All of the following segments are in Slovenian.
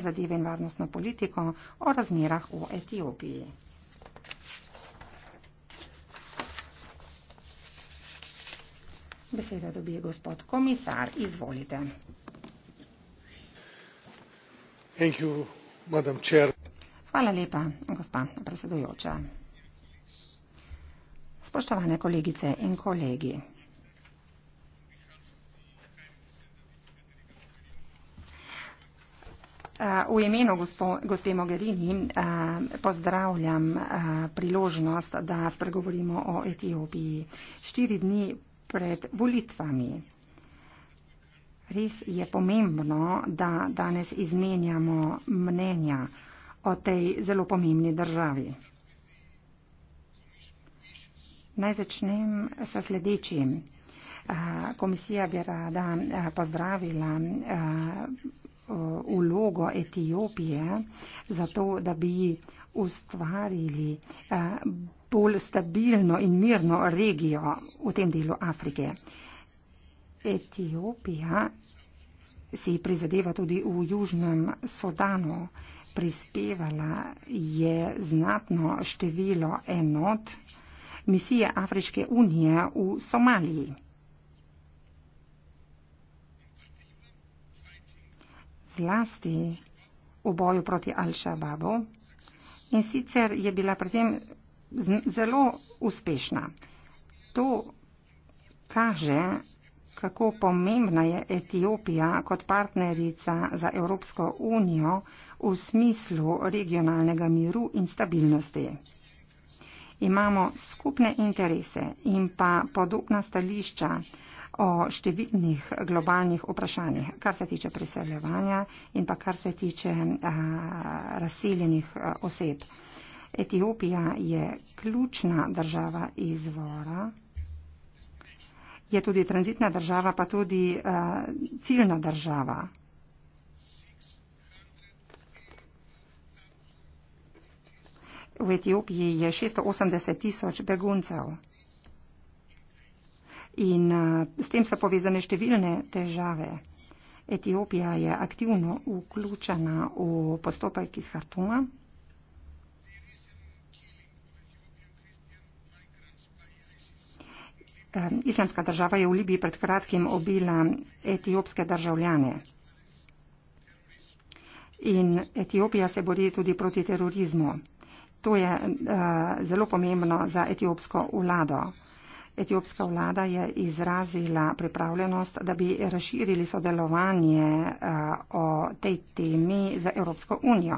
zadeve in varnostno politiko o razmerah v Etiopiji. Beseda dobije gospod komisar, izvolite. Thank you, madam chair. Hvala lepa, gospa predsedujoča. Spoštovane kolegice in kolegi. v imenu gospo, gospe Mogherini eh, pozdravljam eh, priložnost, da spregovorimo o Etiopiji. Štiri dni pred volitvami. Res je pomembno, da danes izmenjamo mnenja o tej zelo pomembni državi. Naj začnem sa sledečim. Eh, komisija bi rada pozdravila Eh, vlogo Etiopije, zato da bi ustvarili eh, bolj stabilno in mirno regijo v tem delu Afrike. Etiopija si prizadeva tudi v Južnem Sodanu. Prispevala je znatno število enot misije Afriške unije v Somaliji. zlasti v boju proti Al-Shababu in sicer je bila pri tem zelo uspešna. To kaže, kako pomembna je Etiopija kot partnerica za Evropsko unijo v smislu regionalnega miru in stabilnosti. Imamo skupne interese in pa podobna stališča, o številnih globalnih vprašanjih, kar se tiče priseljevanja in pa kar se tiče a, razseljenih a, oseb. Etiopija je ključna država izvora, je tudi tranzitna država, pa tudi a, ciljna država. V Etiopiji je 680 tisoč beguncev in s tem so povezane številne težave. Etiopija je aktivno vključena v postopek iz Hartuma. Islamska država je v Libiji pred kratkim obila etiopske državljane. In Etiopija se bori tudi proti terorizmu. To je uh, zelo pomembno za etiopsko vlado. Uh, Etiopska vlada je izrazila pripravljenost, da bi razširili sodelovanje eh, o tej temi z Evropsko unijo.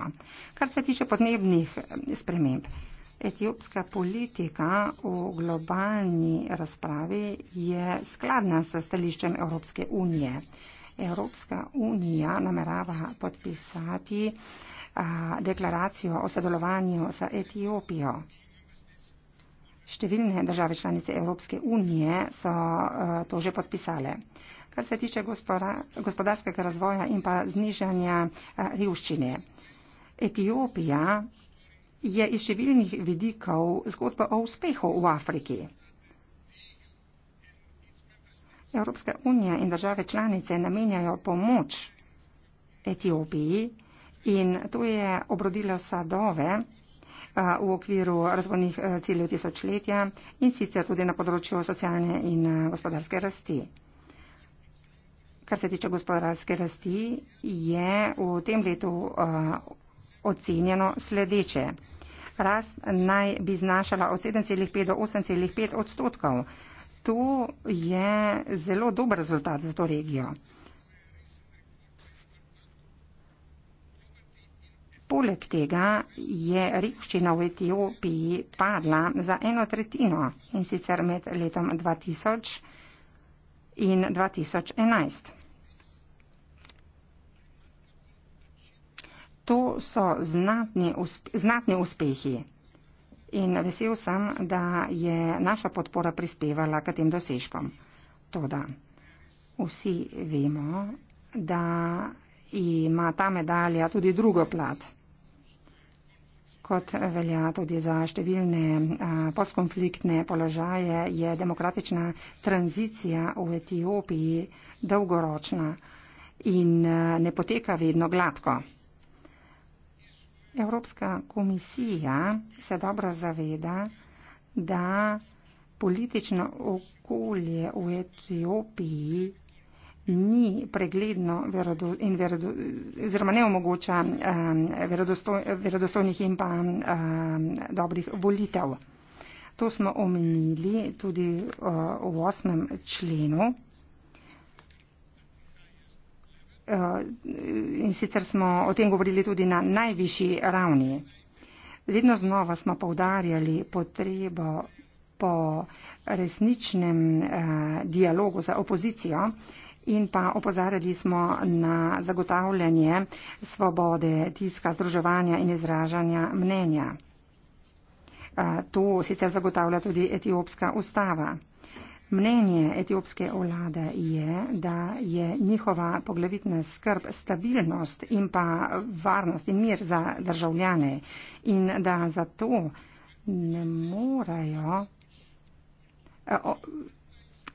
Kar se tiče podnebnih eh, sprememb, etiopska politika v globalni razpravi je skladna s stališčem Evropske unije. Evropska unija namerava podpisati eh, deklaracijo o sodelovanju s Etiopijo. Številne države članice Evropske unije so eh, to že podpisale. Kar se tiče gospodarskega razvoja in pa znižanja eh, revščine. Etiopija je iz številnih vidikov zgodba o uspehu v Afriki. Evropska unija in države članice namenjajo pomoč Etiopiji in to je obrodilo sadove. Eh, v okviru razvojnih eh, ciljev tisočletja in sicer tudi na področju socialne in eh, gospodarske rasti. Kar se tiče gospodarske rasti, je v tem letu uh, ocenjeno sledeče. Rast naj bi znašala od 7,5 do 8,5 odstotkov. To je zelo dober rezultat za to regijo. Poleg tega je revščina v Etiopiji padla za eno tretjino in sicer med letom 2000 in 2011. To so znatni, uspe, znatni uspehi in vesel sem, da je naša podpora prispevala k tem dosežkom. Toda vsi vemo, da ima ta medalja tudi drugo plat kot velja tudi za številne postkonfliktne položaje, je demokratična tranzicija v Etiopiji dolgoročna in ne poteka vedno gladko. Evropska komisija se dobro zaveda, da politično okolje v Etiopiji ni pregledno verodo, in verodo, oziroma ne omogoča um, verodosto, verodostojnih in pa um, dobrih volitev. To smo omenili tudi uh, v osmem členu. Uh, in sicer smo o tem govorili tudi na najvišji ravni. Vedno znova smo povdarjali potrebo po resničnem uh, dialogu za opozicijo, uh, In pa opozarjali smo na zagotavljanje svobode tiska, združevanja in izražanja mnenja. To sicer zagotavlja tudi etiopska ustava. Mnenje etiopske vlade je, da je njihova poglavitna skrb stabilnost in pa varnost in mir za državljane in da zato ne morejo. O,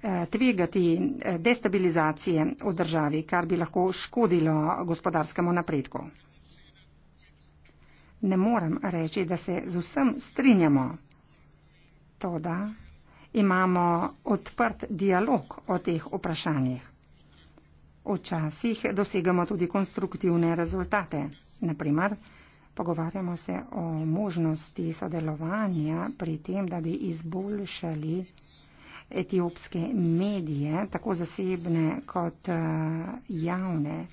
Eh, tvegati eh, destabilizacije v državi, kar bi lahko škodilo gospodarskemu napredku. Ne morem reči, da se z vsem strinjamo. To, da imamo odprt dialog o teh vprašanjih. Včasih dosegamo tudi konstruktivne rezultate. Naprimer, pogovarjamo se o možnosti sodelovanja pri tem, da bi izboljšali etiopske medije, tako zasebne kot eh, javne.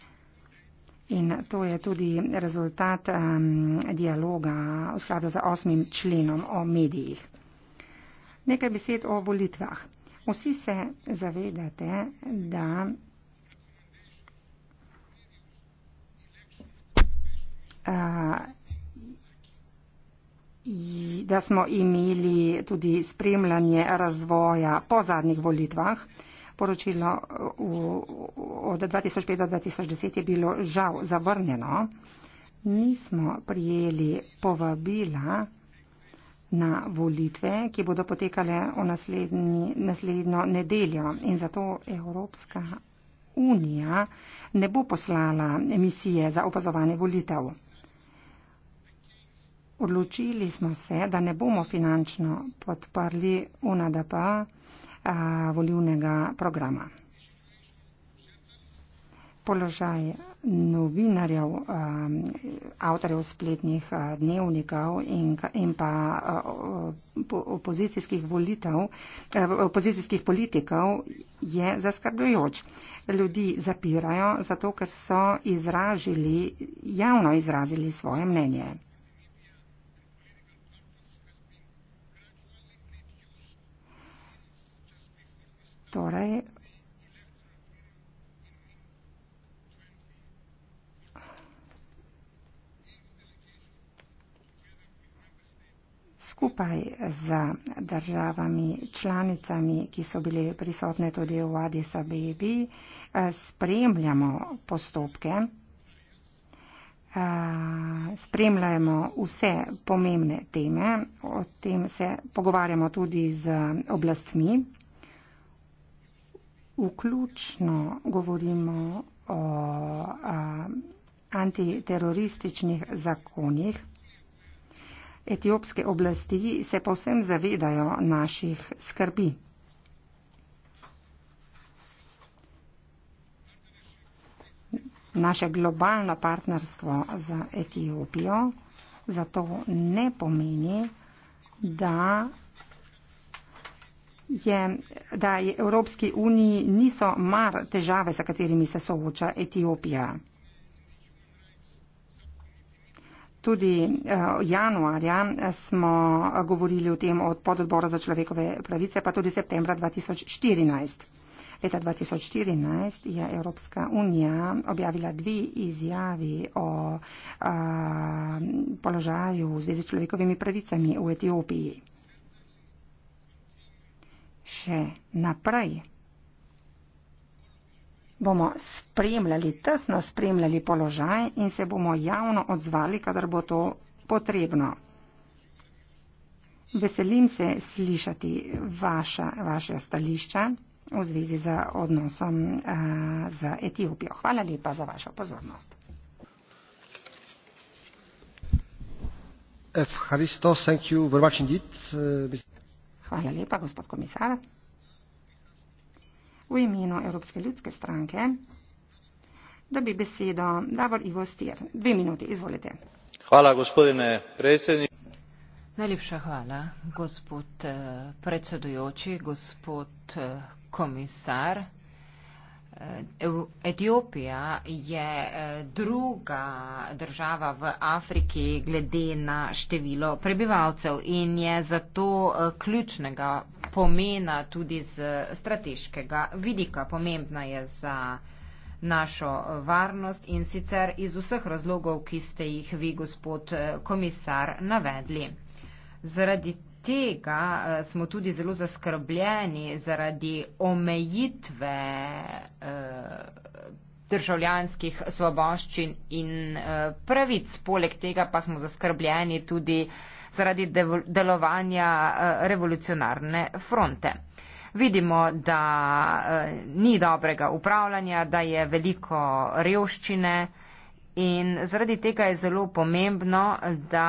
In to je tudi rezultat um, dialoga v skladu z osmim členom o medijih. Nekaj besed o volitvah. Vsi se zavedate, da uh, da smo imeli tudi spremljanje razvoja po zadnjih volitvah. Poročilo v, od 2005 do 2010 je bilo žal zavrnjeno. Nismo prijeli povabila na volitve, ki bodo potekale v naslednji, naslednjo nedeljo in zato Evropska unija ne bo poslala misije za opazovanje volitev. Odločili smo se, da ne bomo finančno podprli UNDP eh, volivnega programa. Položaj novinarjev, eh, avtorjev spletnih eh, dnevnikov in, in pa opozicijskih, volitev, opozicijskih politikov je zaskrbljujoč. Ljudi zapirajo zato, ker so izražili, javno izrazili svoje mnenje. Torej, skupaj z državami članicami, ki so bile prisotne tudi v Addis Abebi, eh, spremljamo postopke, eh, spremljamo vse pomembne teme, o tem se pogovarjamo tudi z oblastmi vključno govorimo o a, antiterorističnih zakonih. Etiopske oblasti se povsem zavedajo naših skrbi. Naše globalno partnerstvo za Etiopijo zato ne pomeni, da je, da je Evropski uniji niso mar težave, za katerimi se sooča Etiopija. Tudi uh, januarja smo govorili o tem od pododbora za človekove pravice, pa tudi septembra 2014. Leta 2014 je Evropska unija objavila dve izjavi o uh, položaju v zvezi s človekovimi pravicami v Etiopiji še naprej. Bomo spremljali, tesno spremljali položaj in se bomo javno odzvali, kadar bo to potrebno. Veselim se slišati vaša, vaše stališča v zvezi z odnosom a, eh, z Etiopijo. Hvala lepa za vašo pozornost. Eh, Hvala lepa, gospod komisar v imenu Evropske ljudske stranke dobi besedo Davor Ivo Stier. Dve minuti, izvolite. Hvala, gospodine predsednik. Najlepša hvala, gospod eh, predsedujoči, gospod eh, komisar. Eh, Etiopija je eh, druga država v Afriki glede na število prebivalcev in je zato eh, ključnega pomena tudi z strateškega vidika. Pomembna je za našo varnost in sicer iz vseh razlogov, ki ste jih vi, gospod komisar, navedli. Zaradi tega eh, smo tudi zelo zaskrbljeni zaradi omejitve eh, državljanskih svoboščin in eh, pravic. Poleg tega pa smo zaskrbljeni tudi zaradi delovanja revolucionarne fronte. Vidimo, da ni dobrega upravljanja, da je veliko revščine, In zaradi tega je zelo pomembno, da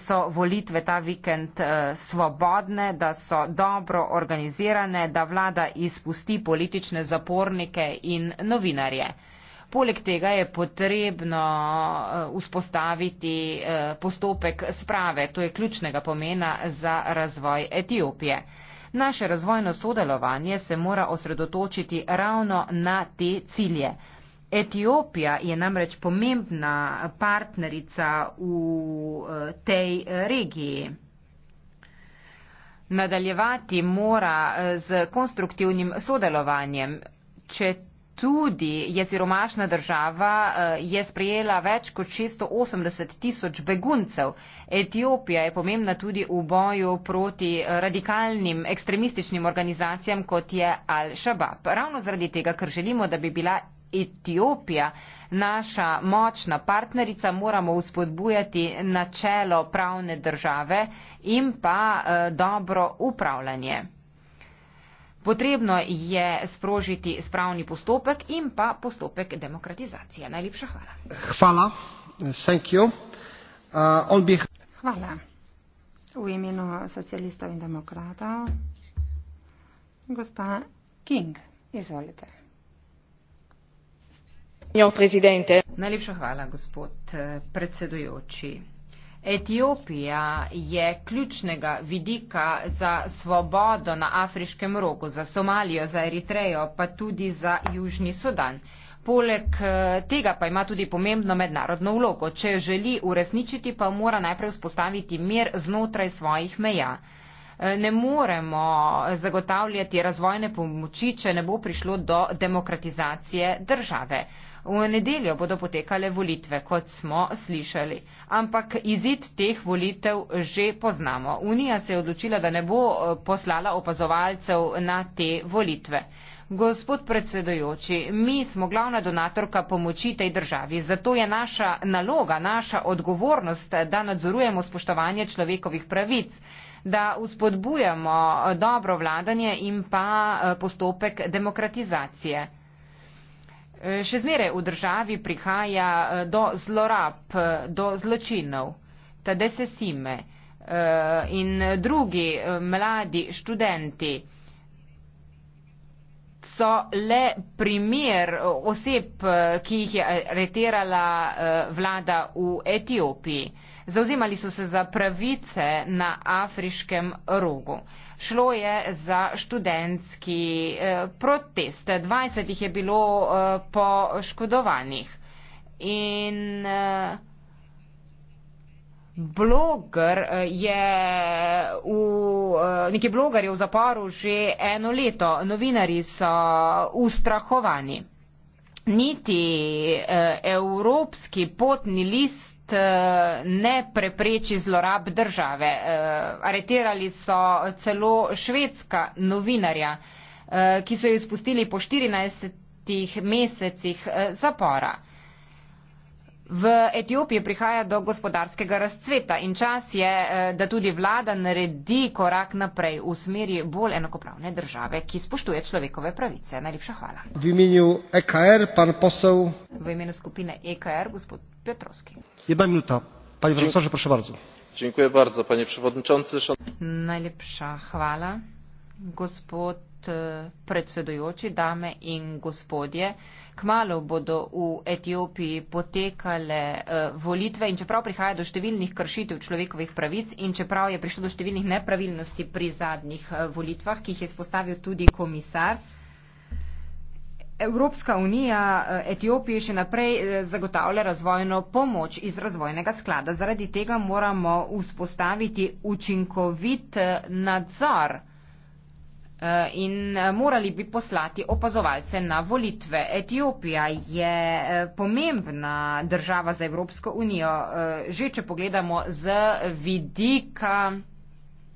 so volitve ta vikend eh, svobodne, da so dobro organizirane, da vlada izpusti politične zapornike in novinarje. Poleg tega je potrebno eh, vzpostaviti eh, postopek sprave, to je ključnega pomena za razvoj Etiopije. Naše razvojno sodelovanje se mora osredotočiti ravno na te cilje. Etiopija je namreč pomembna partnerica v eh, tej regiji. Nadaljevati mora eh, z konstruktivnim sodelovanjem. Če tudi je siromašna država, eh, je sprejela več kot 680 tisoč beguncev. Etiopija je pomembna tudi v boju proti radikalnim ekstremističnim organizacijam, kot je Al-Shabaab. Ravno zaradi tega, ker želimo, da bi bila Etiopija, naša močna partnerica, moramo vzpodbujati načelo pravne države in pa eh, dobro upravljanje. Potrebno je sprožiti spravni postopek in pa postopek demokratizacije. Najlepša hvala. Hvala. Uh, hvala. V imenu socialistov in demokratov. Gospa King, izvolite. Najlepša hvala, gospod eh, predsedujoči. Etiopija je ključnega vidika za svobodo na afriškem rogu, za Somalijo, za Eritrejo, pa tudi za Južni Sudan. Poleg eh, tega pa ima tudi pomembno mednarodno vlogo. Če želi uresničiti, pa mora najprej vzpostaviti mir znotraj svojih meja. Eh, ne moremo zagotavljati razvojne pomoči, če ne bo prišlo do demokratizacije države. V nedeljo bodo potekale volitve, kot smo slišali. Ampak izid teh volitev že poznamo. Unija se je odločila, da ne bo eh, poslala opazovalcev na te volitve. Gospod predsedojoči, mi smo glavna donatorka pomoči tej državi, zato je naša naloga, naša odgovornost, da nadzorujemo spoštovanje človekovih pravic, da uspodbujamo dobro vladanje in pa eh, postopek demokratizacije. Eh, še zmere v državi prihaja eh, do zlorab, eh, do zločinov. Tade se sime in drugi mladi študenti so le primer oseb, ki jih je areterala vlada v Etiopiji. Zauzemali so se za pravice na afriškem rogu. Šlo je za študentski eh, protest. 20 jih je bilo eh, poškodovanih. In eh, bloger je v, neki bloger je v zaporu že eno leto. Novinari so ustrahovani. Niti evropski potni list Eh, ne prepreči zlorab države. Eh, aretirali so celo švedska novinarja, eh, ki so jo izpustili po 14 mesecih zapora. V Etiopiji prihaja do gospodarskega razcveta in čas je, eh, da tudi vlada naredi korak naprej v smeri bolj enakopravne države, ki spoštuje človekove pravice. Najlepša hvala. V imenu EKR, pan posel. V imenu skupine EKR, gospod Petrovski. Jedna minuta. Pani profesorže, prosim bardzo. Dziękuję bardzo, panie przewodniczący. Najlepša hvala, gospod e, predsedujoči, dame in gospodje. Kmalo bodo v Etiopiji potekale eh, volitve in čeprav prihaja do številnih kršitev človekovih pravic in čeprav je prišlo do številnih nepravilnosti pri zadnjih eh, volitvah, ki jih je spostavil tudi komisar, Evropska unija eh, Etiopiji še naprej zagotavlja razvojno pomoč iz razvojnega sklada. Zaradi tega moramo vzpostaviti učinkovit nadzor Eh, in eh, morali bi poslati opazovalce na volitve. Etiopija je eh, pomembna država za Evropsko unijo, že če pogledamo z vidika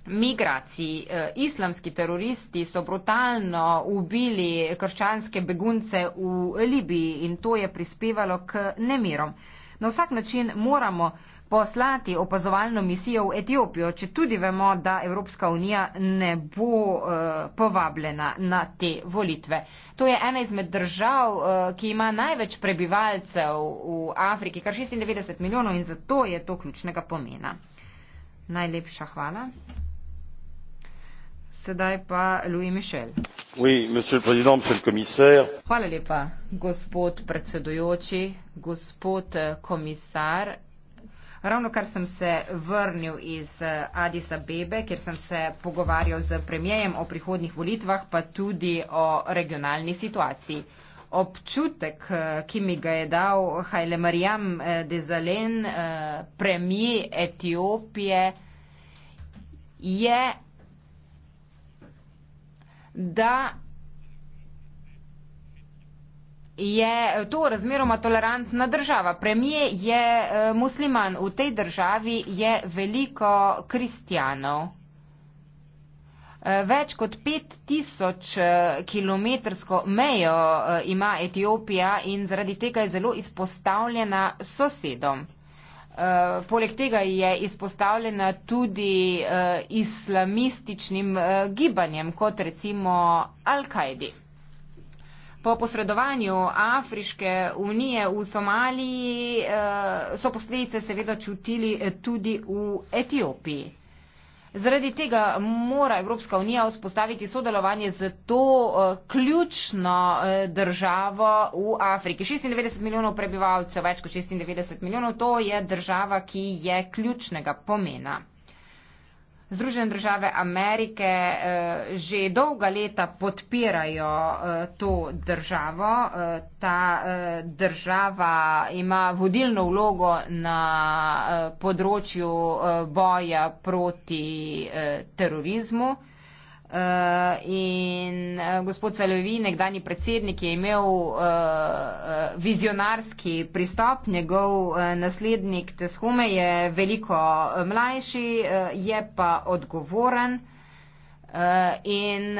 migraciji. Islamski teroristi so brutalno ubili krščanske begunce v Libiji in to je prispevalo k nemirom. Na vsak način moramo uh, poslati opazovalno misijo v Etiopijo, če tudi vemo, da Evropska unija ne bo uh, povabljena na te volitve. To je ena izmed držav, uh, ki ima največ prebivalcev v Afriki, kar 96 milijonov in zato je to ključnega pomena. Najlepša hvala. Sedaj pa Louis Michel. Oui, président, Hvala lepa, gospod predsedujoči, gospod eh, komisar. Ravno kar sem se vrnil iz eh, Adisa Bebe, kjer sem se pogovarjal z premijejem o prihodnih volitvah, pa tudi o regionalni situaciji. Občutek, eh, ki mi ga je dal Haile Mariam eh, Dezalen, premije Etiopije, je, da je to razmeroma tolerantna država. Premije je e, musliman, v tej državi je veliko kristjanov. E, več kot 5000 e, km mejo ima Etiopija in zaradi tega je zelo izpostavljena sosedom. Poleg tega je izpostavljena tudi islamističnim gibanjem, kot recimo Al-Kaidi po posredovanju Afriške unije v Somaliji eh, so posledice seveda čutili eh, tudi v Etiopiji. Zaradi tega mora Evropska unija vzpostaviti sodelovanje z to eh, ključno državo v Afriki. 96 milijonov prebivalcev, več kot 96 milijonov, to je država, ki je ključnega pomena. Združene države Amerike eh, že dolga leta podpirajo eh, to državo. Eh, ta država ima vodilno vlogo na področju boja proti terorizmu. Eh, in eh, gospod Salovi, nekdani predsednik, je imel eh, vizionarski pristop, njegov naslednik Teshume je veliko mlajši, je pa odgovoren in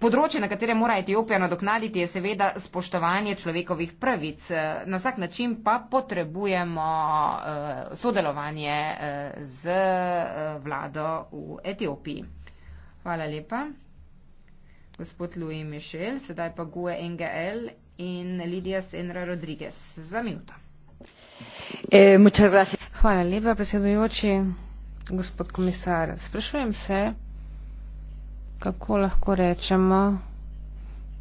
Področje, na katerem mora Etiopija nadoknaditi, je seveda spoštovanje človekovih pravic. Na vsak način pa potrebujemo sodelovanje z vlado v Etiopiji. Hvala lepa. Gospod Louis Michel, sedaj pa Gue NGL in Lidija Senra Rodriguez za minuto. Eh, Hvala lepa, predsedujoči. Gospod komisar, sprašujem se, kako lahko rečemo,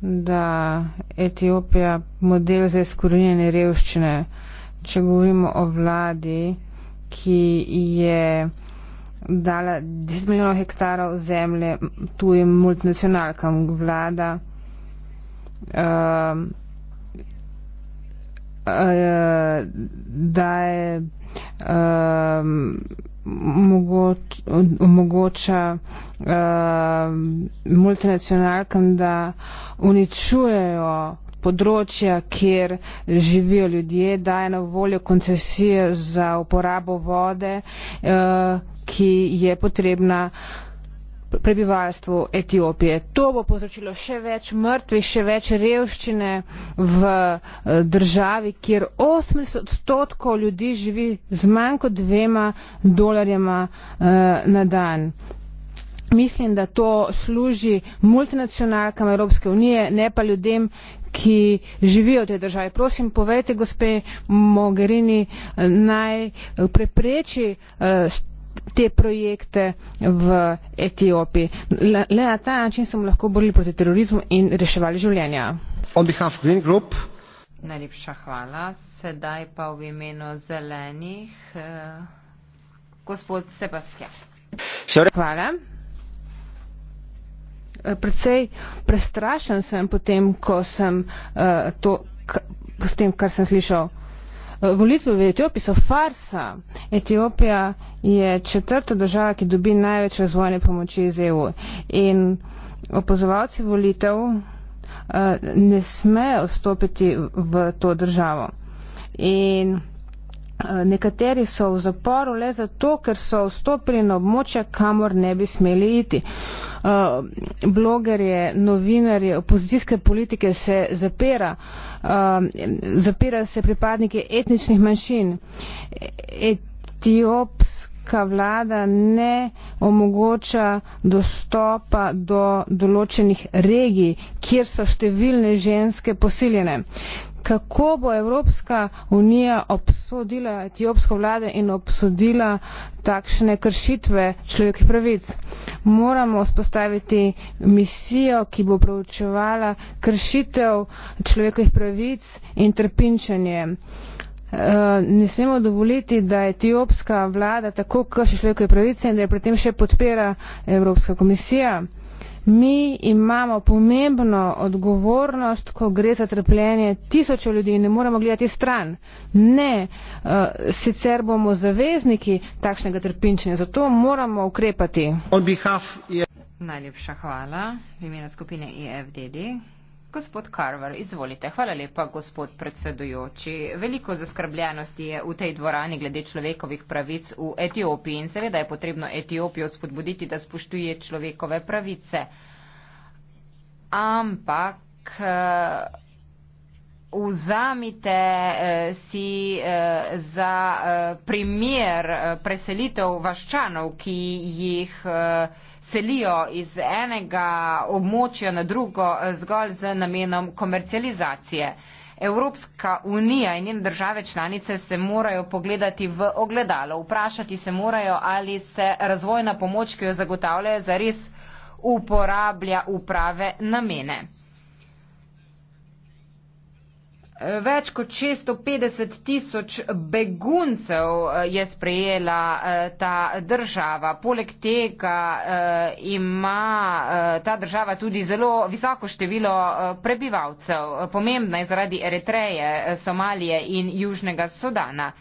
da Etiopija model za izkorinjene revščine, če govorimo o vladi, ki je dala 10 milijonov hektarov zemlje tujim multinacionalkam vlada. Um, uh, da je um, omogoča um, multinacionalkam, da uničujejo področja, kjer živijo ljudje, daje na voljo koncesije za uporabo vode, eh, ki je potrebna prebivalstvu Etiopije. To bo povzročilo še več mrtvih, še več revščine v eh, državi, kjer 80 odstotkov ljudi živi z manj kot dvema dolarjema eh, na dan mislim da to služi multinacionalkam evropske unije ne pa ljudem ki živijo v tej državi. Prosim, povejte gospe Mogherini, naj prepreči eh, te projekte v Etiopiji. Le na ta način smo lahko borili proti terorizmu in reševali življenja. Najlepša hvala. Sedaj pa v imenu zelenih. Eh, gospod Sebastian. Hvala. Eh, precej prestrašen sem potem, ko sem eh, to, s tem, kar sem slišal. Eh, volitve v Etiopiji so farsa. Etiopija je četrta država, ki dobi največ razvojne pomoči iz EU. In opozovalci volitev ne smejo vstopiti v to državo. In Eh, nekateri so v zaporu le zato, ker so vstopili na območja, kamor ne bi smeli iti. Eh, blogerje, novinarje, opozicijske politike se zapira, eh, zapira se pripadnike etničnih manjšin. Etiopska vlada ne omogoča dostopa do določenih regij, kjer so številne ženske posiljene kako bo Evropska unija obsodila etiopsko vlado in obsodila takšne kršitve človekovih pravic. Moramo spostaviti misijo, ki bo preučevala kršitev človekovih pravic in trpinčenje. Eh, ne smemo dovoliti, da etiopska vlada tako krši človekove pravice in da je pri tem še podpira Evropska komisija. Mi imamo pomembno odgovornost, ko gre za trpljenje tisočev ljudi in ne moremo gledati stran. Ne, uh, sicer bomo zavezniki takšnega trpinčenja, zato moramo ukrepati. E Najlepša hvala v imenu skupine IFDD. E Gospod Carver, izvolite. Hvala lepa, gospod predsedujoči. Veliko zaskrbljenosti je v tej dvorani glede človekovih pravic v Etiopiji in seveda je potrebno Etiopijo spodbuditi, da spoštuje človekove pravice. Ampak eh, vzamite eh, si eh, za primer preselitev vaščanov, ki jih selijo iz enega območja na drugo eh, zgolj z namenom komercializacije. Evropska unija in njene države članice se morajo pogledati v ogledalo, vprašati se morajo, ali se razvojna pomoč, ki jo zagotavljajo, zares uporablja v prave namene. Več kot 650 tisoč beguncev eh, je sprejela eh, ta država. Poleg tega eh, ima ta država tudi zelo visoko število prebivalcev. Pomembna je zaradi Eritreje, Somalije in Južnega Sudana.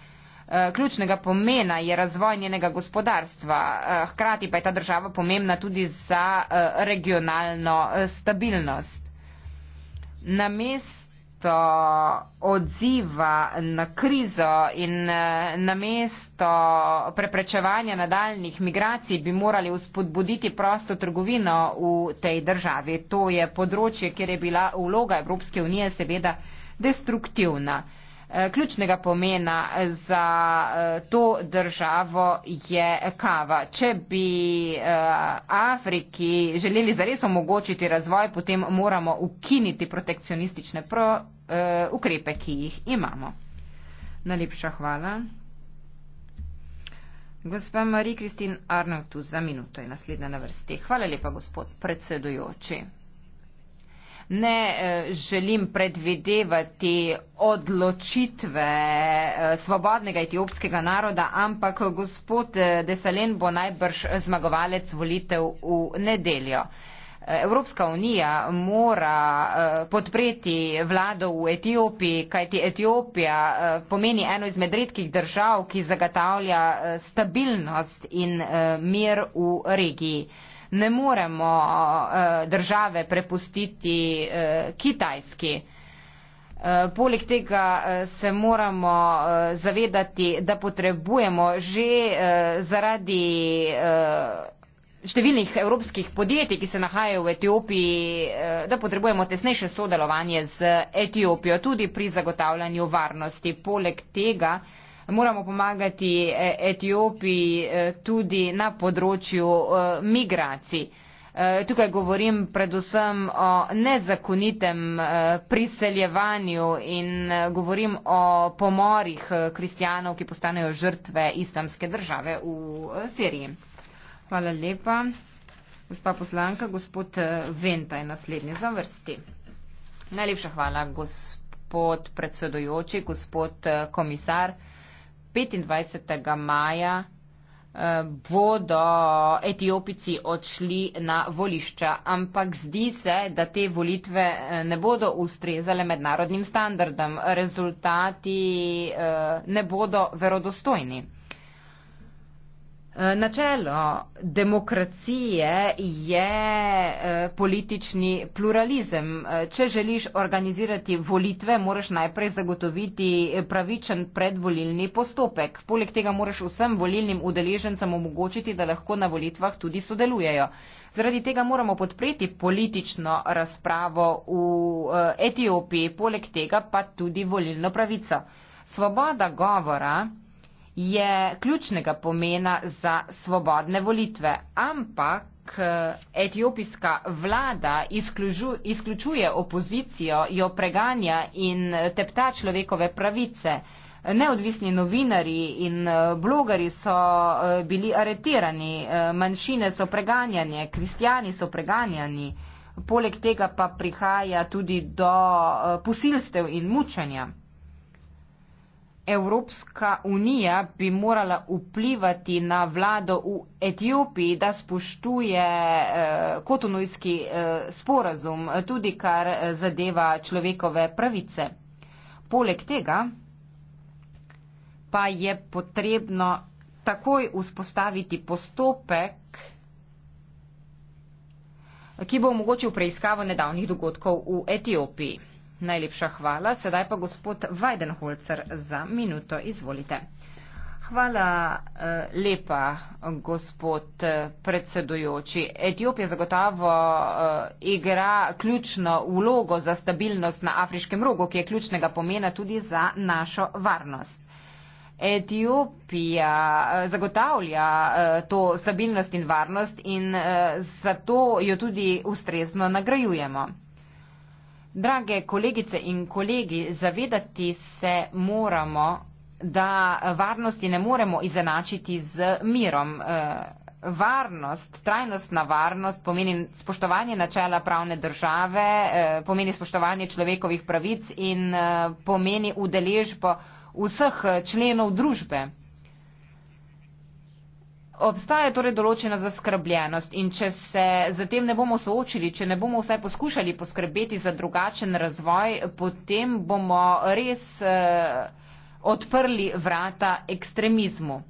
Ključnega pomena je razvoj njenega gospodarstva, hkrati pa je ta država pomembna tudi za regionalno stabilnost. Na mest mesto odziva na krizo in eh, na mesto preprečevanja nadaljnih migracij bi morali uspodbuditi prosto trgovino v tej državi. To je področje, kjer je bila vloga Evropske unije seveda destruktivna. Eh, ključnega pomena za eh, to državo je kava. Če bi eh, Afriki želeli zares omogočiti razvoj, potem moramo ukiniti protekcionistične pro, ukrepe, ki jih imamo. Najlepša hvala. Gospa Marie-Kristin Arnautu, za minuto je naslednja na vrsti. Hvala lepa, gospod predsedujoči ne eh, želim predvidevati odločitve eh, svobodnega etiopskega naroda, ampak gospod eh, Desalen bo najbrž zmagovalec volitev v nedeljo. Evropska unija mora podpreti vlado v Etiopiji, kajti Etiopija pomeni eno izmed redkih držav, ki zagotavlja stabilnost in mir v regiji ne moremo eh, države prepustiti eh, Kitajski. Eh, poleg tega se moramo zavedati, da potrebujemo že zaradi številnih evropskih podjetij, ki se nahajajo v Etiopiji, da potrebujemo tesnejše sodelovanje z Etiopijo tudi pri zagotavljanju varnosti. Poleg tega moramo pomagati eh, Etiopiji eh, tudi na področju eh, migracij. Tukaj govorim predvsem o nezakonitem priseljevanju in govorim o pomorih kristijanov, ki postanejo žrtve islamske države v Siriji. Hvala lepa. Gospa poslanka, gospod Venta je naslednji za vrsti. Najlepša hvala, gospod predsedujoči, gospod komisar. 25. maja eh, bodo etiopici odšli na volišča, ampak zdi se, da te volitve eh, ne bodo ustrezale mednarodnim standardom. Rezultati eh, ne bodo verodostojni. Eh, načelo demokracije je eh, politični pluralizem. Eh, če želiš organizirati volitve, moraš najprej zagotoviti pravičen predvolilni postopek. Poleg tega moraš vsem volilnim udeležencem omogočiti, da lahko na volitvah tudi sodelujejo. Zaradi tega moramo podpreti politično razpravo v Etiopiji, poleg tega pa tudi volilno pravico. Svoboda govora je ključnega pomena za svobodne volitve, ampak eh, Etiopijska vlada izključuje opozicijo, jo preganja in tepta človekove pravice. Neodvisni novinari in eh, blogari so eh, bili aretirani, manjšine so preganjanje, kristijani so preganjani, poleg tega pa prihaja tudi do posilstev in mučanja. Evropska unija bi morala vplivati na vlado v Etiopiji, da spoštuje eh, kotonujski eh, sporazum, tudi kar eh, zadeva človekove pravice. Poleg tega pa je potrebno takoj vzpostaviti postopek, ki bo omogočil preiskavo nedavnih dogodkov v Etiopiji. Najlepša hvala. Sedaj pa gospod Weidenholzer za minuto. Izvolite. Hvala eh, lepa, gospod eh, predsedujoči. Etiopija zagotavo eh, igra ključno vlogo za stabilnost na afriškem rogu, ki je ključnega pomena tudi za našo varnost. Etiopija zagotavlja to stabilnost in varnost in zato jo tudi ustrezno nagrajujemo. Drage kolegice in kolegi, zavedati se moramo, da varnosti ne moremo izenačiti z mirom. Eh, varnost, trajnostna varnost pomeni spoštovanje načela pravne države, eh, pomeni spoštovanje človekovih pravic in eh, pomeni udeležbo vseh členov družbe obstaja torej določena zaskrbljenost in če se zatem ne bomo soočili, če ne bomo vsaj poskušali poskrbeti za drugačen razvoj, potem bomo res eh, odprli vrata ekstremizmu.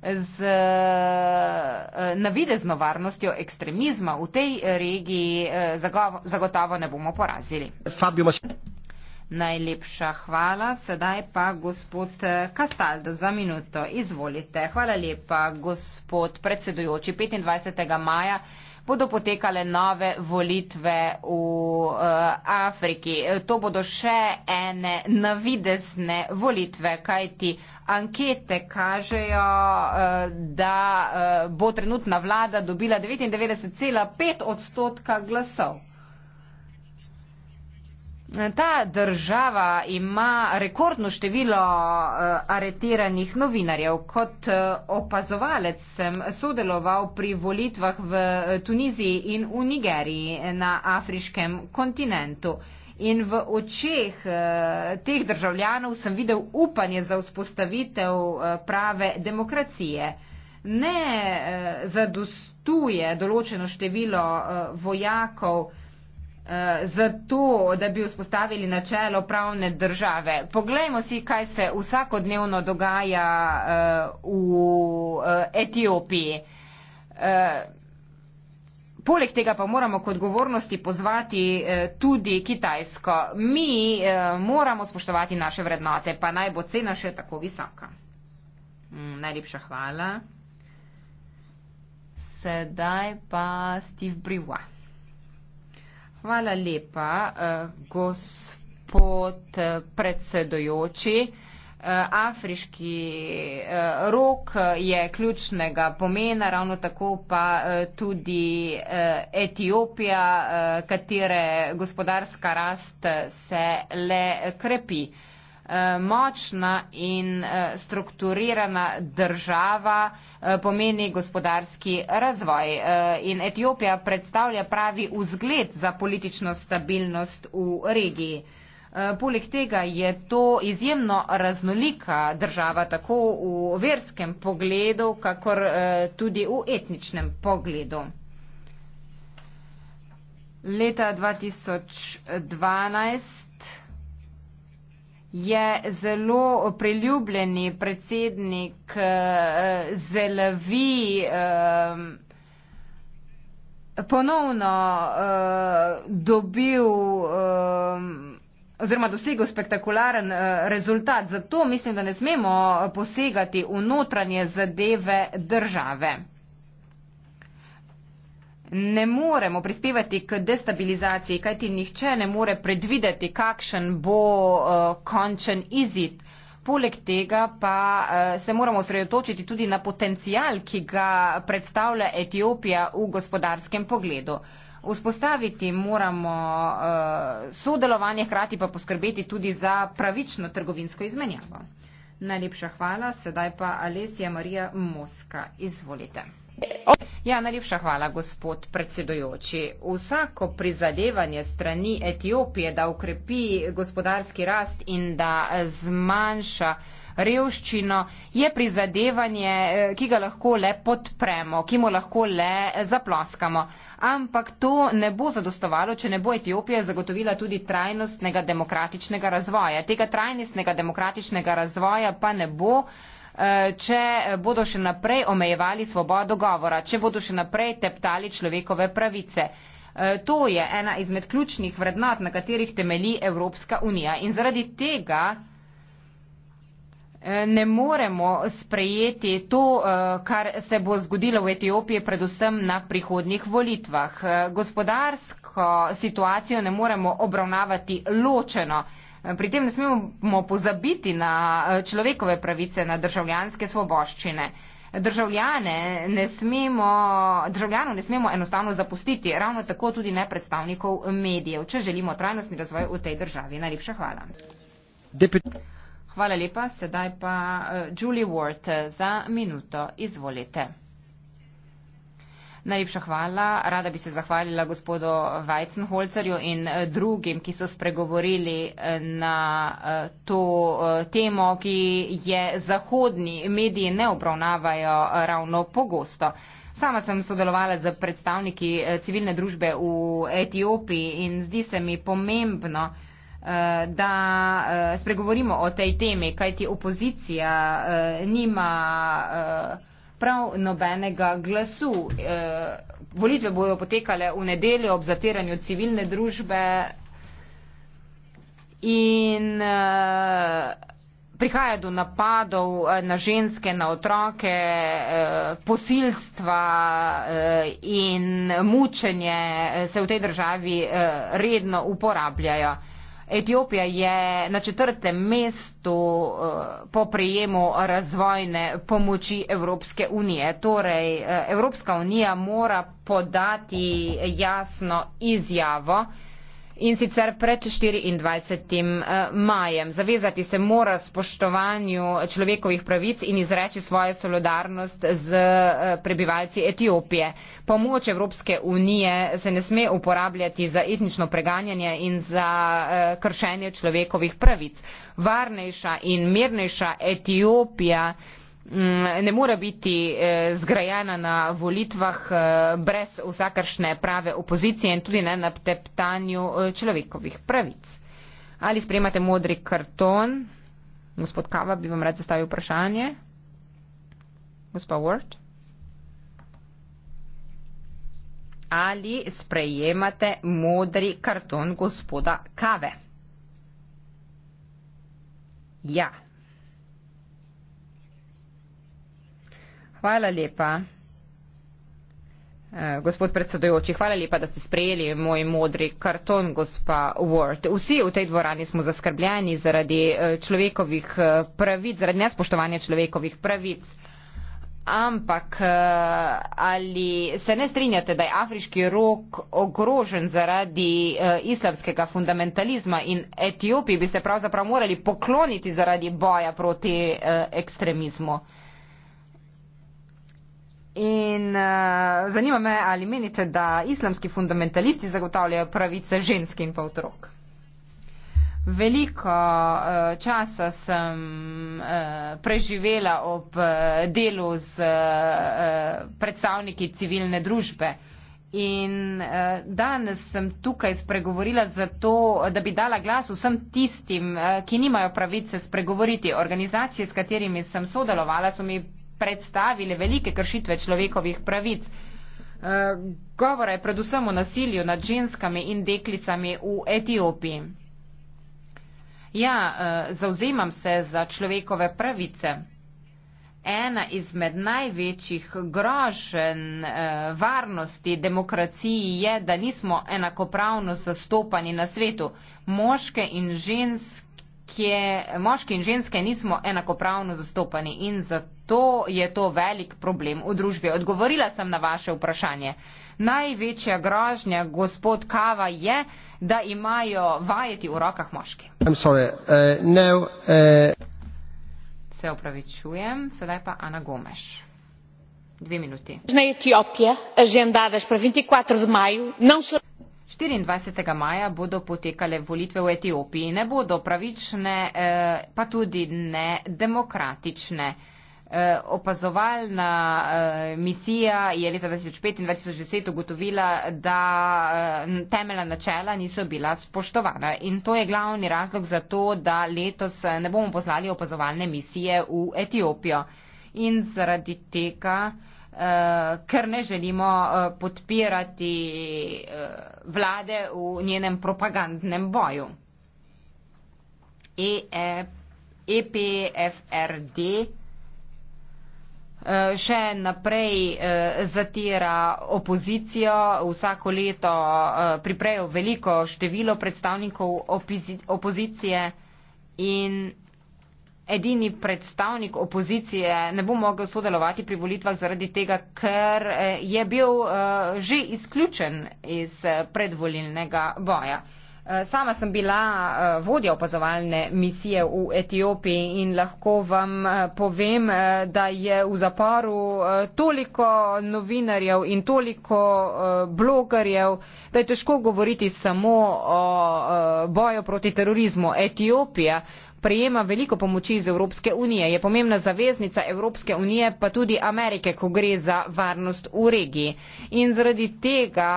Z eh, navidezno varnostjo ekstremizma v tej regiji eh, zagotovo ne bomo porazili. Fabio, Najlepša hvala. Sedaj pa gospod Kastaldo eh, za minuto. Izvolite. Hvala lepa, gospod predsedujoči. 25. maja bodo potekale nove volitve v uh, Afriki. To bodo še ene navidesne volitve, kajti ankete kažejo, uh, da uh, bo trenutna vlada dobila 99,5 odstotka glasov. Ta država ima rekordno število eh, aretiranih novinarjev. Kot eh, opazovalec sem sodeloval pri volitvah v eh, Tuniziji in v Nigeriji na afriškem kontinentu. In v očeh teh državljanov sem videl upanje za vzpostavitev prave demokracije. Ne zadostuje določeno število vojakov, Eh, zato, da bi vzpostavili načelo pravne države. Poglejmo si, kaj se vsakodnevno dogaja uh, v uh, Etiopiji. Uh, poleg tega pa moramo k odgovornosti pozvati uh, tudi Kitajsko. Mi uh, moramo spoštovati naše vrednote, pa naj bo cena še tako visoka. Mm, najlepša hvala. Sedaj pa Steve Briwa. Hvala lepa, eh, gospod eh, predsedojoči. Eh, afriški rok je ključnega pomena, ravno tako pa tudi Etiopija, katere gospodarska rast se le krepi. Eh, močna in eh, strukturirana država eh, pomeni gospodarski razvoj. In Etiopija predstavlja pravi vzgled za politično stabilnost v regiji. Poleg tega je to izjemno raznolika država, tako v verskem pogledu, kakor tudi v etničnem pogledu. Leta 2012 je zelo priljubljeni predsednik eh, Zelavi eh, ponovno eh, dobil oziroma dosegel spektakularen rezultat. Zato mislim, da ne smemo posegati v notranje zadeve države ne moremo prispevati k destabilizaciji, kajti nihče ne more predvideti, kakšen bo uh, končen izid. Poleg tega pa uh, se moramo osredotočiti tudi na potencial, ki ga predstavlja Etiopija v gospodarskem pogledu. Vzpostaviti moramo uh, sodelovanje, hkrati pa poskrbeti tudi za pravično trgovinsko izmenjavo. Najlepša hvala, sedaj pa Alesija Marija Moska. Izvolite. Okay. Ja, najlepša hvala, gospod predsedujoči. Vsako prizadevanje strani Etiopije, da ukrepi gospodarski rast in da zmanjša revščino, je prizadevanje, eh, ki ga lahko le podpremo, ki mu lahko le eh, zaploskamo. Ampak to ne bo zadostovalo, če ne bo Etiopija zagotovila tudi trajnostnega demokratičnega razvoja. Tega trajnostnega demokratičnega razvoja pa ne bo Eh, če bodo še naprej omejevali svobodo govora, če bodo še naprej teptali človekove pravice. Eh, to je ena izmed ključnih vrednot, na katerih temelji Evropska unija. In zaradi tega eh, ne moremo sprejeti to, kar se bo zgodilo v Etiopiji, predvsem na prihodnjih volitvah. Gospodarsko situacijo ne moremo obravnavati ločeno. Pri tem ne smemo pozabiti na eh, človekove pravice, na državljanske svoboščine. Državljane ne smemo, državljanov ne smemo enostavno zapustiti, ravno tako tudi ne predstavnikov medijev, če želimo trajnostni razvoj v tej državi. Najlepša hvala. Hvala lepa, sedaj pa eh, Julie Ward eh, za minuto. Izvolite. Najlepša hvala. Rada bi se zahvalila gospodu Weizenholzerju in eh, drugim, ki so spregovorili eh, na eh, to temo, ki je zahodni mediji ne obravnavajo ravno pogosto. Sama sem sodelovala z predstavniki civilne družbe v Etiopiji in zdi se mi pomembno, da spregovorimo o tej temi, kajti opozicija nima prav nobenega glasu. E, volitve bodo potekale v nedeljo ob zatiranju civilne družbe in e, prihaja do napadov e, na ženske, na otroke, e, posilstva e, in mučenje e, se v tej državi e, redno uporabljajo. E, Etiopija je na četrtem mestu eh, po prijemu razvojne pomoči Evropske unije. Torej, eh, Evropska unija mora podati jasno izjavo, in sicer pred 24. Eh, majem. Zavezati se mora spoštovanju človekovih pravic in izreči svojo solidarnost z eh, prebivalci Etiopije. Pomoč Evropske unije se ne sme uporabljati za etnično preganjanje in za eh, kršenje človekovih pravic. Varnejša in mirnejša Etiopija Mm, ne more biti eh, zgrajena na volitvah eh, brez vsakršne prave opozicije in tudi ne na teptanju eh, človekovih pravic. Ali sprejemate modri karton? Gospod Kava bi vam rad zastavil vprašanje. Gospa Ward. Ali sprejemate modri karton gospoda Kave? Ja, Hvala lepa. Eh, gospod predsedujoči, hvala lepa, da ste sprejeli moj modri karton, gospa Ward. Vsi v tej dvorani smo zaskrbljeni zaradi eh, človekovih eh, pravic, zaradi nespoštovanja človekovih pravic. Ampak ali se ne strinjate, da je afriški rok ogrožen zaradi islamskega fundamentalizma in Etiopiji bi se pravzaprav morali pokloniti zaradi boja proti ekstremizmu? In uh, zanima me, ali menite, da islamski fundamentalisti zagotavljajo pravice ženske in pa otrok. Veliko uh, časa sem uh, preživela ob uh, delu z uh, predstavniki civilne družbe. In uh, danes sem tukaj spregovorila zato, da bi dala glas vsem tistim, uh, ki nimajo pravice spregovoriti. Organizacije, s katerimi sem sodelovala, so mi predstavile velike kršitve človekovih pravic. Eh, govora je predvsem o nasilju nad ženskami in deklicami v Etiopiji. Ja, eh, zauzemam se za človekove pravice. Ena izmed največjih grožen eh, varnosti demokraciji je, da nismo enakopravno zastopani na svetu. Moške in ženske kje moški in ženske nismo enakopravno zastopani in zato je to velik problem v družbi. Odgovorila sem na vaše vprašanje. Največja grožnja, gospod Kava, je, da imajo vajeti v rokah moški. Sorry, uh, no, uh... Se opravičujem, sedaj pa Ana Gomeš. Dve minuti. Na Etiopije, agendadas pa 24. maju, ne so. 24. maja bodo potekale volitve v Etiopiji. Ne bodo pravične, eh, pa tudi ne demokratične. Eh, opazovalna eh, misija je leta 2005 in 2010 ugotovila, da temeljna načela niso bila spoštovana. In to je glavni razlog za to, da letos ne bomo poslali opazovalne misije v Etiopijo. In zaradi tega. Eh, ker ne želimo eh, podpirati eh, vlade v njenem propagandnem boju. EPFRD e, e še naprej zatira opozicijo, vsako leto priprejo veliko število predstavnikov opozicije in edini predstavnik opozicije ne bo mogel sodelovati pri volitvah zaradi tega, ker eh, je bil eh, že izključen iz eh, predvolilnega boja. Sama sem bila vodja opazovalne misije v Etiopiji in lahko vam povem, da je v zaporu toliko novinarjev in toliko blogerjev, da je težko govoriti samo o boju proti terorizmu. Etiopija prejema veliko pomoči iz Evropske unije, je pomembna zaveznica Evropske unije, pa tudi Amerike, ko gre za varnost v regiji. In zaradi tega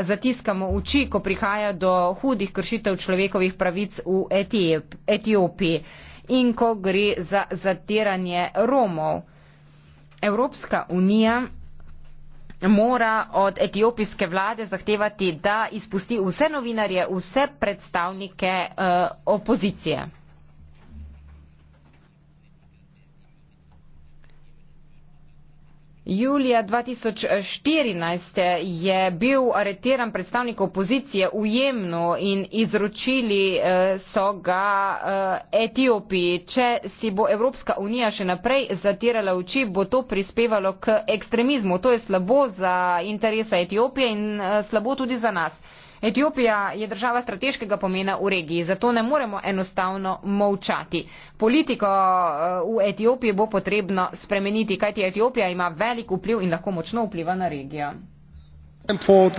zatiskamo oči, ko prihaja do hudih kršitev človekovih pravic v Etiopiji in ko gre za zatiranje Romov. Evropska unija mora od etiopijske vlade zahtevati, da izpusti vse novinarje, vse predstavnike uh, opozicije. Julija 2014 je bil areteran predstavnik opozicije v Jemnu in izročili eh, so ga eh, Etiopiji. Če si bo Evropska unija še naprej zatirala oči, bo to prispevalo k ekstremizmu. To je slabo za interesa Etiopije in eh, slabo tudi za nas. Etiopija je država strateškega pomena v regiji, zato ne moremo enostavno molčati. Politiko eh, v Etiopiji bo potrebno spremeniti, kajti Etiopija ima velik vpliv in lahko močno vpliva na regijo. Uh,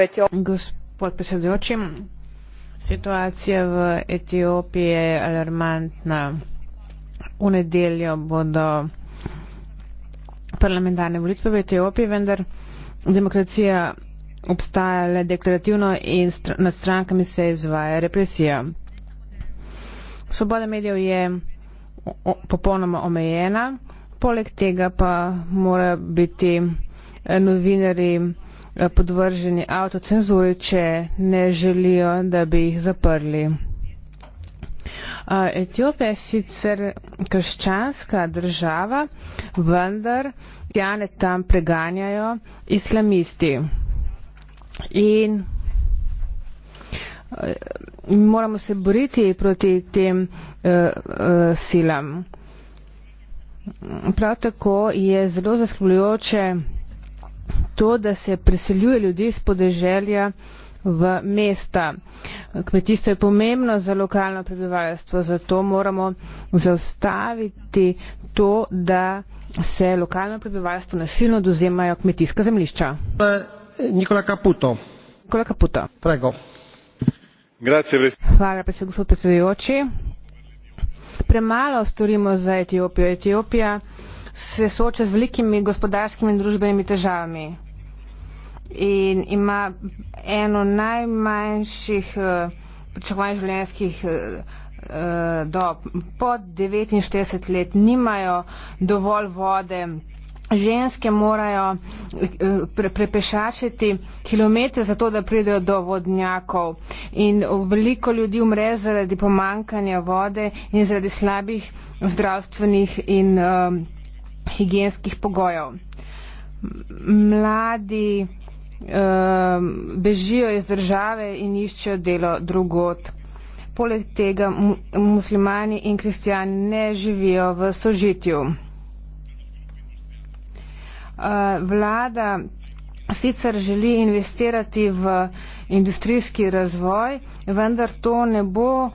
eh, Gospod predsedujoči, situacija v Etiopiji je alarmantna v nedeljo bodo parlamentarne volitve v Etiopiji, vendar demokracija obstaja le deklarativno in str nad strankami se izvaja represija. Svoboda medijev je popolnoma omejena, poleg tega pa mora biti eh, novinari eh, podvrženi avtocenzuri, če ne želijo, da bi jih zaprli. Etiopija je sicer krščanska država, vendar jane tam preganjajo islamisti. In eh, moramo se boriti proti tem uh, uh, silam. Prav tako je zelo zaskrbljujoče to, da se preseljuje ljudi iz podeželja uh, v mesta. Kmetijstvo je pomembno za lokalno prebivalstvo, zato moramo zaustaviti to, da se lokalno prebivalstvo nasilno dozemajo kmetijska zemljišča. Nikola Caputo. Nikola Caputo. Prego. Hvala, gospod predsedujoči. Premalo storimo za Etiopijo. Etiopija se sooča z velikimi gospodarskimi in družbenimi težavami in ima eno najmanjših eh, pričakovanj življenjskih eh, eh, dob. Pod 69 let nimajo dovolj vode. Ženske morajo prepešačiti kilometre za to, da pridejo do vodnjakov. In veliko ljudi umre zaradi pomankanja vode in zaradi slabih zdravstvenih in um, higijenskih pogojev. Mladi um, bežijo iz države in iščejo delo drugot. Poleg tega muslimani in kristijani ne živijo v sožitju. Uh, vlada sicer želi investirati v industrijski razvoj, vendar to ne bo uh,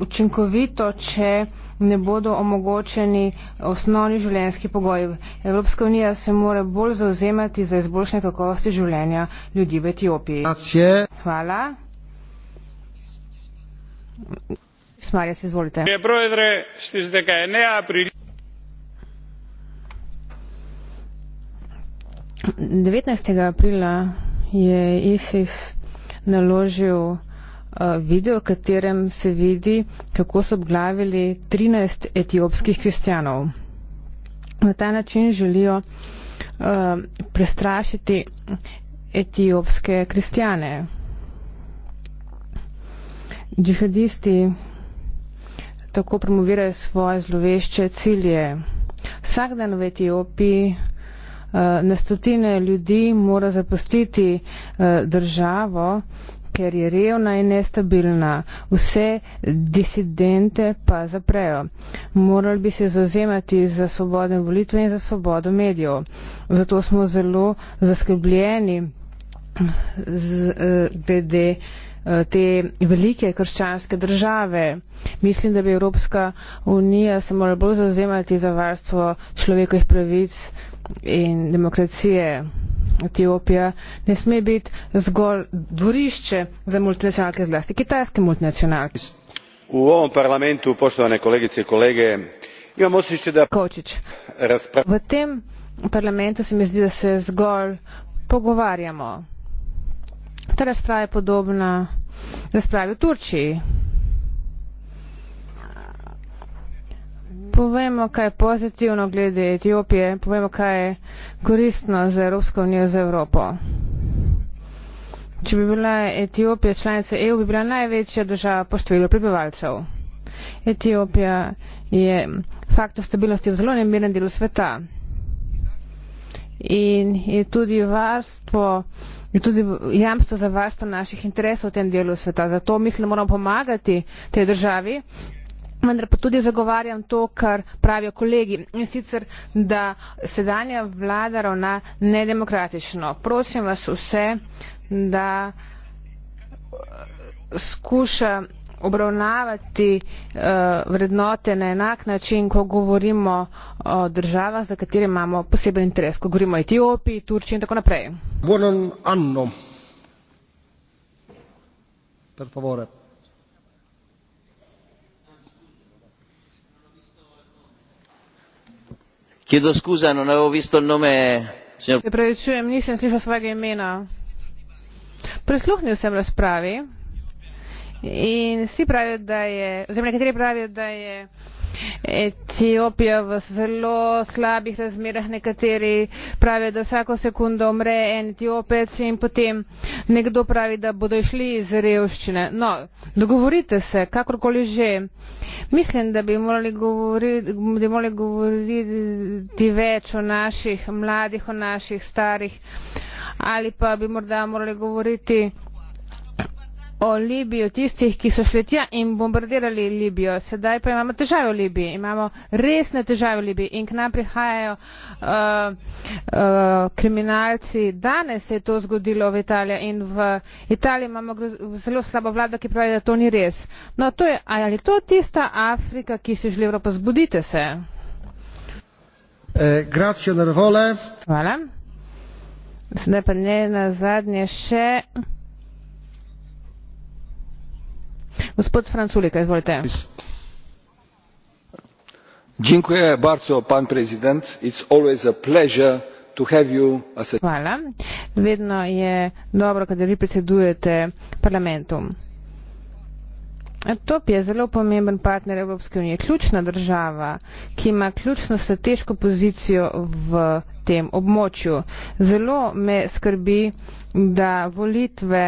učinkovito, če ne bodo omogočeni osnovni življenjski pogoji. Evropska unija se mora bolj zauzemati za izboljšanje kakovosti življenja ljudi v Etiopiji. Hvala. Hvala. Smarja, se izvolite. 19. aprila je ISIS naložil eh, video, katerem se vidi, kako so obglavili 13 etiopskih kristjanov. Na ta način želijo uh, prestrašiti etiopske kristjane. Džihadisti tako promovirajo svoje zlovešče cilje. Vsak dan v Etiopiji Eh, na stotine ljudi mora zapustiti eh, državo, ker je revna in nestabilna. Vse disidente pa zaprejo. Morali bi se zauzemati za svobodne volitve in za svobodo medijev. Zato smo zelo zaskrbljeni eh, glede te velike krščanske države. Mislim, da bi Evropska unija se morala bolj zauzemati za varstvo človekovih pravic, in demokracije Etiopija ne sme biti zgolj dvorišče za multinacionalke, zlasti kitajske multinacionalke. V ovom parlamentu, poštovane kolegice in kolege, imam osjećaj, da. Kočič, razpra... v tem parlamentu se mi zdi, da se zgolj pogovarjamo. Ta razprava je podobna razpravi v Turčiji. povemo, kaj je pozitivno glede Etiopije, povemo, kaj je koristno za Evropsko unijo, za Evropo. Če bi bila Etiopija članica EU, bi bila največja država po številu prebivalcev. Etiopija je faktor stabilnosti v zelo nemirnem delu sveta. In je tudi, varstvo, je tudi jamstvo za varstvo naših interesov v tem delu sveta. Zato mislim, da moramo pomagati tej državi, vendar pa tudi zagovarjam to, kar pravijo kolegi in sicer, da sedanja vlada ravna nedemokratično. Prosim vas vse, da eh, skuša obravnavati uh, vrednote na enak način, ko govorimo o državah, za katere imamo poseben interes, ko govorimo o Etiopiji, Turčiji in tako naprej. Buon anno. Per favore. chiedo scusa non avevo visto il nome Prisluhnil sem razpravi in vsi pravijo, da je, oziroma nekateri pravijo, da je Etiopija v zelo slabih razmerah, nekateri pravijo, da vsako sekundo umre en etiopec in potem nekdo pravi, da bodo išli iz revščine. No, dogovorite se, kakorkoli že. Mislim, da bi morali govoriti, bi morali govoriti več o naših mladih, o naših starih ali pa bi morda morali govoriti o Libiji, o tistih, ki so šli tja in bombardirali Libijo. Sedaj pa imamo težave v Libiji, imamo resne težave v Libiji in k nam prihajajo uh, uh, kriminalci. Danes se je to zgodilo v Italiji in v Italiji imamo zelo slabo vlado, ki pravi, da to ni res. No, to je, ali to tista Afrika, ki si želi Evropo? Zbudite se. Eh, grazie, Hvala. Zdaj pa ne na zadnje še gospod frunzulic izvolite. hvala vedno je dobro kadar vi predsedujete parlamentu. Etop je zelo pomemben partner Evropske unije, ključna država, ki ima ključno strateško pozicijo v tem območju. Zelo me skrbi, da volitve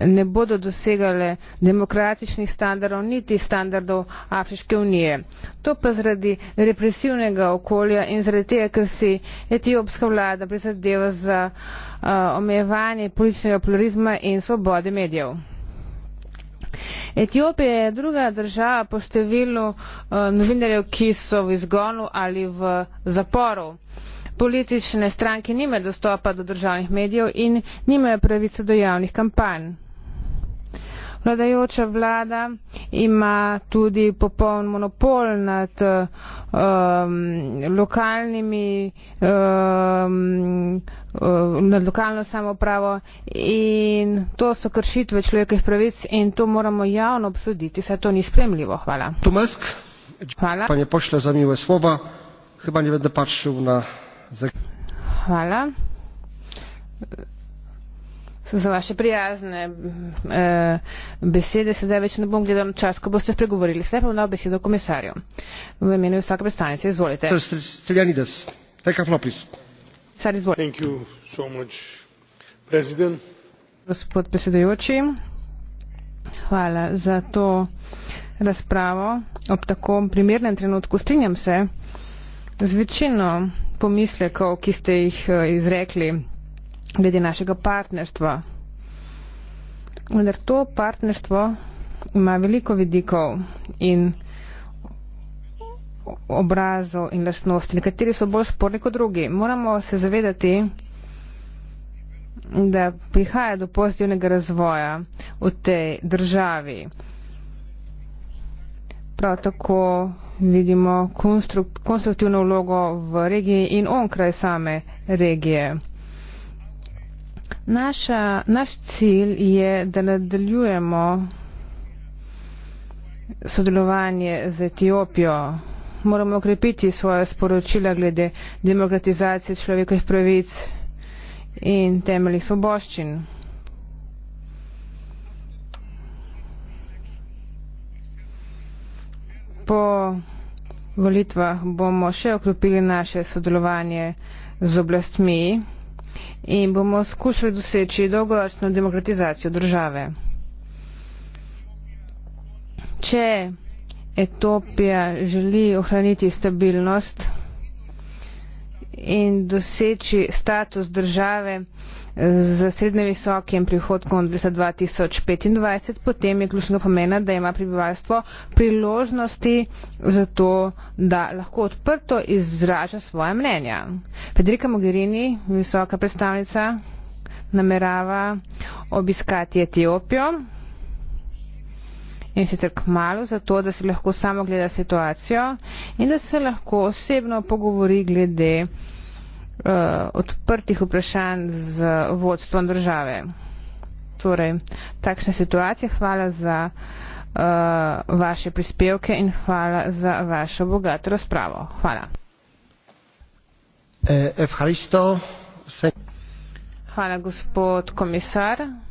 ne bodo dosegale demokratičnih standardov, niti standardov Afriške unije. To pa zaradi represivnega okolja in zaradi tega, ker si etiopska vlada prizadeva za uh, omejevanje političnega pluralizma in svobode medijev. Etiopija je druga država po številu eh, novinarjev, ki so v izgonu ali v zaporu. Politične stranke nimajo dostopa do državnih medijev in nimajo pravice do javnih kampanj vladajoča vlada ima tudi popoln monopol nad um, lokalnimi, um, uh, nad lokalno samopravo in to so kršitve človekovih pravic in to moramo javno obsoditi, saj to ni spremljivo. Hvala. Tomask, Hvala. Pa ne pošlje za mile slova, hrbanje vedno pač šum na. Hvala za vaše prijazne mm, eh, besede. Sedaj več ne bom gledal na čas, ko boste spregovorili. Sedaj pa vam dam besedo komisarju. V imenu vsake predstavnice, izvolite. Streljanides, Tekka Flopis. Sad izvolite. Thank you so much, president. Gospod predsedujoči, hvala za to razpravo. Ob tako primernem trenutku strinjam se z večino pomislekov, ki ste jih eh, izrekli glede našega partnerstva. Vendar to partnerstvo ima veliko vidikov in obrazov in lastnosti, nekateri so bolj sporni kot drugi. Moramo se zavedati, da prihaja do pozitivnega razvoja v tej državi. Prav tako vidimo konstruktivno vlogo v regiji in onkraj same regije. Naša, naš cilj je, da nadaljujemo sodelovanje z Etiopijo. Moramo okrepiti svoje sporočila glede demokratizacije človekovih pravic in temeljih svoboščin. Po volitvah bomo še okrepili naše sodelovanje z oblastmi in bomo skušali doseči dolgoročno demokratizacijo države. Če Etopija želi ohraniti stabilnost, in doseči status države eh, z srednje visokim prihodkom od leta 2025, potem je ključnega pomena, da ima prebivalstvo priložnosti za to, da lahko odprto izraža svoje mnenja. Federica Mogherini, visoka predstavnica, namerava obiskati Etiopijo in sicer k malu zato, da se lahko samo gleda situacijo in da se lahko osebno pogovori glede uh, odprtih vprašanj z vodstvom države. Torej, takšna situacija. Hvala za uh, vaše prispevke in hvala za vašo bogato razpravo. Hvala. Eh, hvala, gospod komisar.